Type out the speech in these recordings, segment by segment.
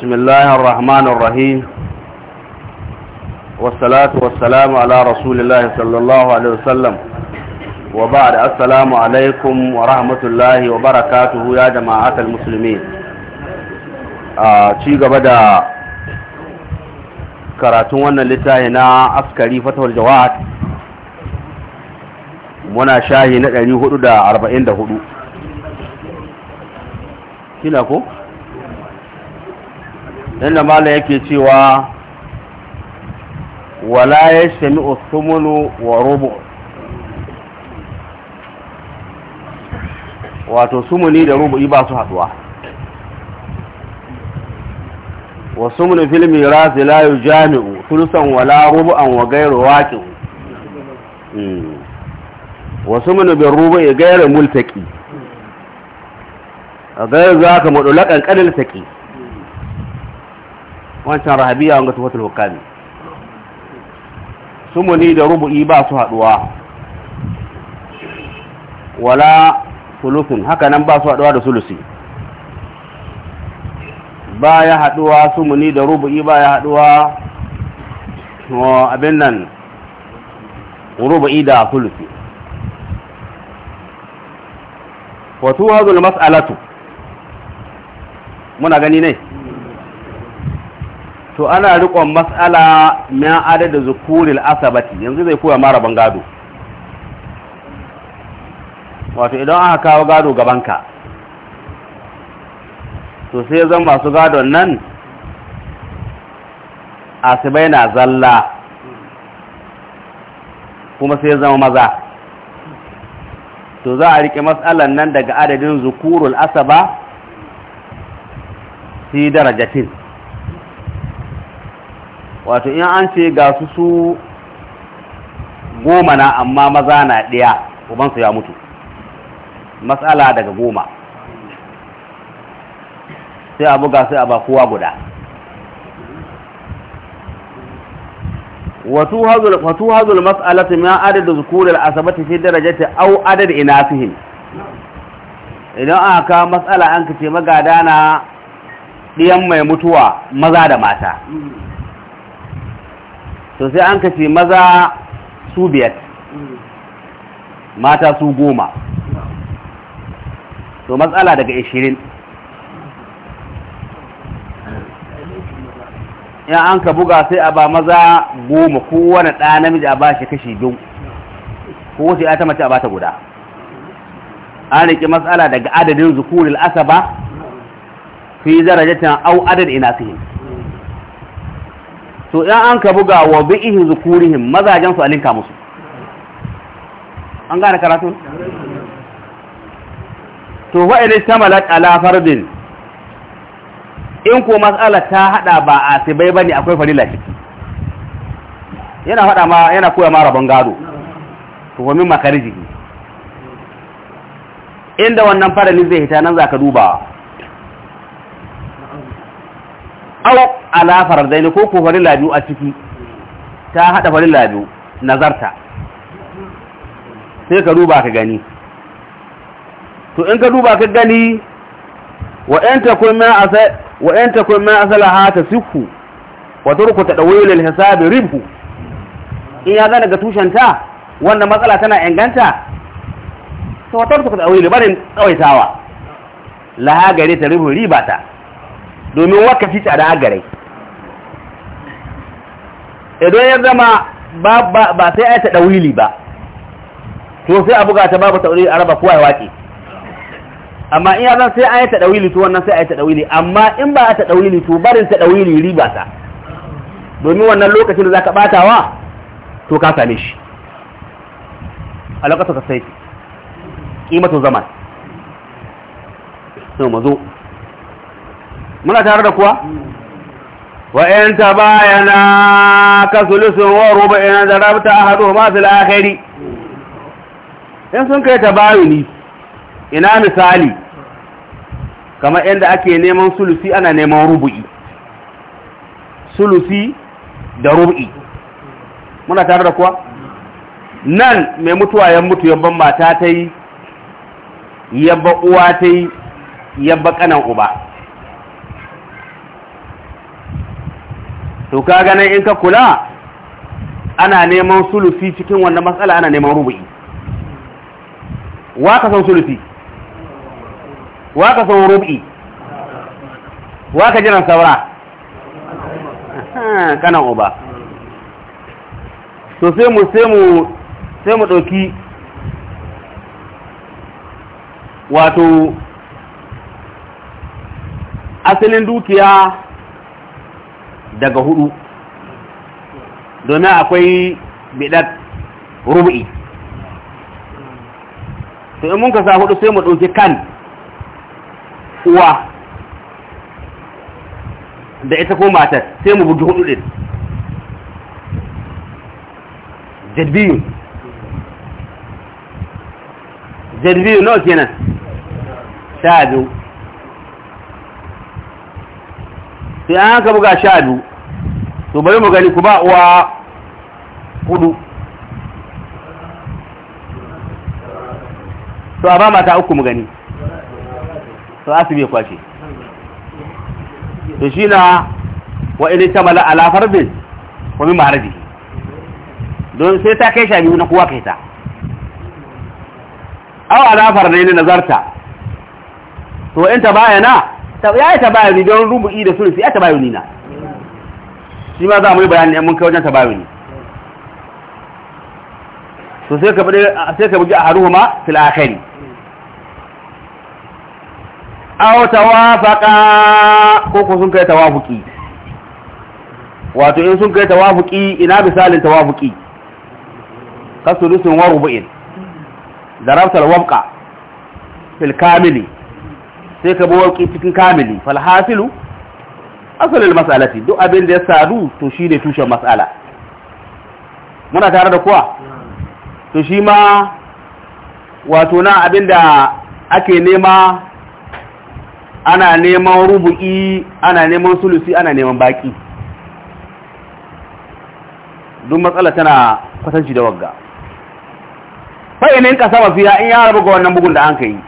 بسم الله الرحمن الرحيم والصلاة والسلام على رسول الله صلى الله عليه وسلم وبعد السلام عليكم ورحمة الله وبركاته يا جماعة المسلمين شيء بدأ karatun wannan littafi na askari fatawar jawad muna shahi na 444 kina ko? inda malam yake cewa wala ya shami usumunu wa rubu wato sumuni da rubu'i ba su haduwa wa filmi fil miras layu jami'u thuluthan wala rubu'an wa ghayru waqi'u hmm. wa sumunu bil rubu'i a gairu za ka mudulakan qadil saqi wancan rahabiya wanga tufatul hukami ni da rubu'i ba su haduwa wala sulusin haka nan ba su haduwa da sulusi ba ya haduwa ni da rubu'i ba ya haduwa abin nan rubu'i da sulusi wato hazul mas'alatu muna gani ne to ana riƙon mas'ala na adada zukuril asabati yanzu zai koya mara ban gado wato idan aka kawo gado gabanka to sai zan masu gadon nan asibai na zalla kuma sai zama maza to za a riƙe matsalan nan daga adadin zukuril asaba fi darajatin wato in an ce ga su su goma na amma maza na ɗaya ubansu ya mutu matsala daga goma sai a buga sai a ba kowa guda wato hazul mas'alatu min adad zukuril asabati fi au aw ina fihim idan aka matsala an kace magada na ɗiyan mai mutuwa maza da mata to sai an kace maza su biyar mata su goma to matsala daga ishirin ya an ka buga sai a ba maza goma kowane ɗa namiji a ba shi kashi biyu ko wace ya ta mace a ba ta guda an riƙe matsala daga adadin zukuril asaba fi zarajatan au adad ina sihim to ɗan an ka buga wa bi'ihi zukurihim mazajen su alinka musu an gane karatu to wa idan tamalat ala fardin in ko mas'ala ta hada ba a sibai bane akwai farila ciki yana hada ma yana koya ma rabon gado to wa min makarji inda wannan farali zai hita nan zaka dubawa aw ala ne ko ko farilla biyu a ciki ta hada farilla biyu nazarta sai ka duba ka gani to in ka duba ka gani wa in kun ma asa wa in kun ma ta tasihhu wa turku tadawil al-hisab ribhu in ya zana ga tushenta wannan matsala tana inganta to wa turku tadawil barin tsawaitawa laha gare ta ribu ribata domin wakafi tsada gare idan ya zama ba sai a ta ɗawili ba to sai a buga ta babu tauri a raba kowa ya waƙe amma in ya zan sai a yi ta ɗawili to wannan sai a yi ta ɗawili amma in ba a ta ɗawili to barin ta ɗawili riba ta domin wannan lokacin da za ka wa to ka same shi alaƙasa ka sai ƙimatun zaman sai muna tare da kuwa Wa in وإن wa كثلث وربع إن ahadu ma fil akhiri in sun kai tabayuni ina misali kamar inda ake neman sulusi ana neman rubu'i sulusi da rubu'i muna tare da kuwa nan mai mutuwa ya mutu yabban mata ta yi ba uwa ta yi ba kanan uba to ka ganin in ka kula ana neman sulusi cikin wannan matsala ana neman rubu'i wa ka san sulusi wa ka san rubu'i wa ka jiran saura kana uba to sai mu sai mu sai mu ɗauki wato asalin dukiya daga hudu domin akwai bidat rubu'i to in mun ka sa hudu sai mu ɗauki kan uwa da ita ko matar sai mu bugi hudu din jadbiyu jadbiyu nawa kenan sha biyu sai an haka buga sha biyu to bari mu gani ku ba uwa hudu to a ba mata uku mu gani to asibi kwashe to shi na wa ta mala ala farbin wa min don sai ta kai shabi na kuwa kai ta aw ala farne ne nazarta to in ta bayana ta yi ta bayani don rubu'i da ya ta bayani na shi ma za mu yi bayani mun kai wajen ne to sai ka bude sai ka buji aharuhuma fil akhir aw tawafaqa ko ko sun kai tawafuki wato in sun kai tawafuki ina misalin tawafuki kasulusun wa rubu'in darabta alwabqa fil kamili sai ka buwar cikin kamili fal hasilu asalin mas'alati duk abin da ya sadu to shi ne tushen mas'ala muna tare da kuwa to shi ma wato na abin da ake nema ana neman rubu'i ana neman sulusi ana neman baki duk matsala tana kwatanci da wagga fa'inin kasa mafiya in ya buga wannan bugun da an ka yi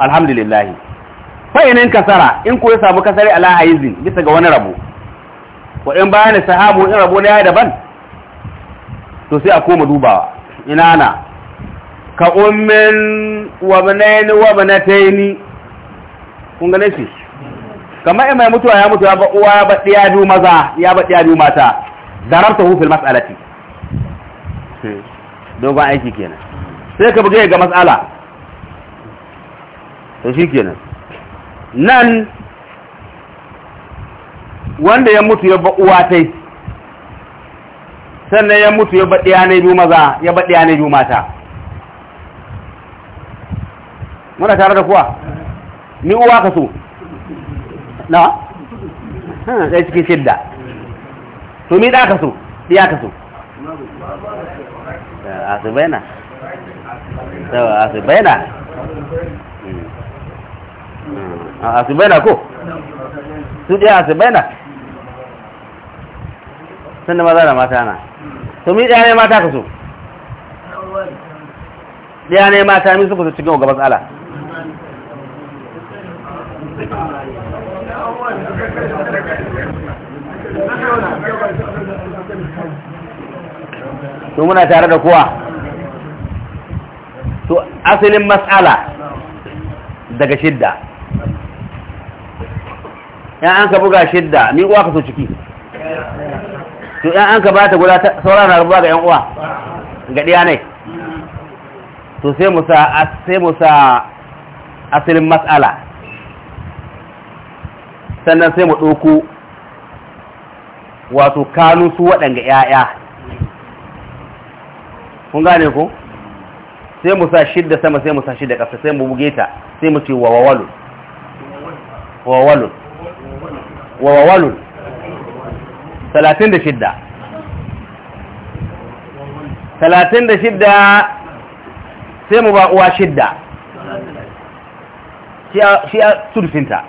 alhamdulillahi fa'inin kasara in ko ya samu kasari ala haizin bisa ga wani rabo ko in bayan sahabu in rabo na ya daban to sai a koma dubawa ina na ka ummin wa banaini wa banataini kun gane shi kamar in mai mutuwa ya mutu ya ba uwa ya baɗi ya biyu maza ya baɗi ya biyu mata zararta hufil mas'alati dogon aiki kenan sai ka buga ga mas'ala to shi kenan nan wanda ya mutu ya ba uwa sannan ya mutu ya ba ɗiya na biyu maza ya ba ɗiya na biyu mata muna tare da kuwa ni uwa ka so na hmm, ɗaya cikin shidda to mi ɗa ka so ɗiya ka so eh, a su bayana eh, a su bayana hmm. hmm. a ko su ɗaya asibai sun da maza da mata na to mi ɗaya ne mata ka so ɗaya ne mata mi suka su cikin gabas ala to muna tare da kowa to asalin matsala daga shidda yan an ka buga shidda ni uwa ka so ciki to yan an ka bata guda saura na rubuwa ga yan uwa ga diya ne to sai mu sa sai mu sa asalin mas'ala sannan sai mu ɗauko wato kanu su waɗanga 'ya'ya kun gane ku sai mu sa shidda sama sai mu sa shidda ƙasa sai mu buge ta sai mu ce wawawalu wawawalu wa wawalun talatin da shidda talatin da shidda sai mu ba uwa shidda shi a turfinta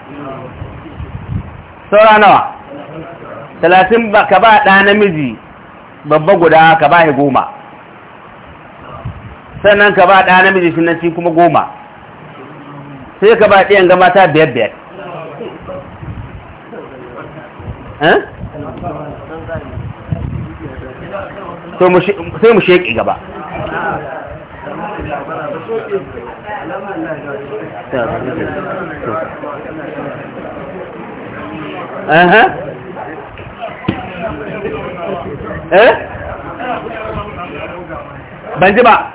saura nawa talatin ka ba ɗa namiji babba guda ka ba shi goma sannan ka ba ɗa namiji shi kuma goma sai ka ba ɗiyan gama ta biyar biyar Eh? sai mu sheƙi gaba eh? Eh? Ban ji ba.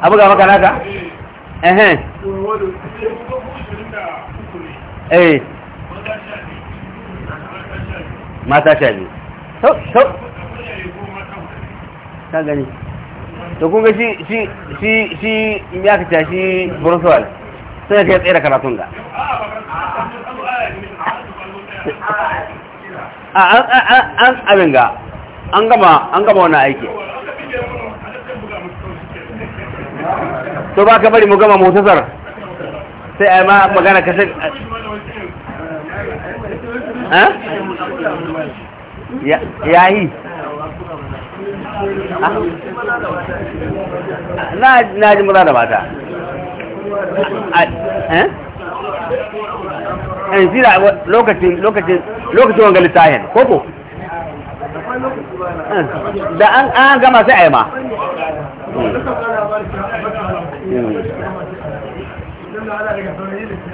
Abu ga maka naka? Eh. Eh. mata sha biyu To ta gani to kun ga shi shi shi shi ya shi brussels sai ka tsere karatun ga an abin ga an gama an gama wani aiki to ba ka bari mu gama motasar sai a yi ma magana kasar ya yi na ji maza da mata in eh? eh, sira lokacin lokacin lokacin wanga koko eh, da an gama sai a yi ma hmm. Hmm.